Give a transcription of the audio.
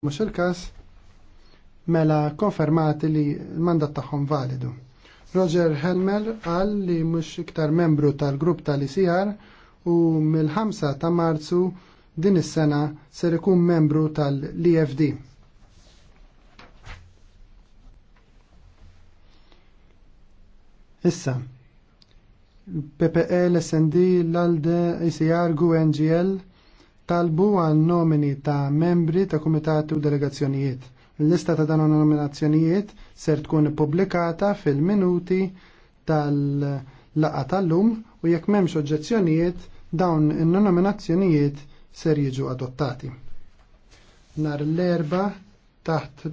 Mux il-kas, mela konfermati li l-mandat tagħhom validu. Roger Helmer għal li mux iktar membru tal-grupp tal-ICR u mill-5 ta' marzu din is-sena ser ikun membru tal-EFD. Issa, l-PPL, l-SND, l ICR, GUNGL, talbu għal nomini ta' membri ta' kumitati u delegazzjonijiet. L-lista ta' dan nominazzjonijiet ser tkun publikata fil-minuti tal-laqa tal-lum u jekk memx oġġezzjonijiet dawn in-nominazzjonijiet ser jiġu adottati. Nar l-erba taħt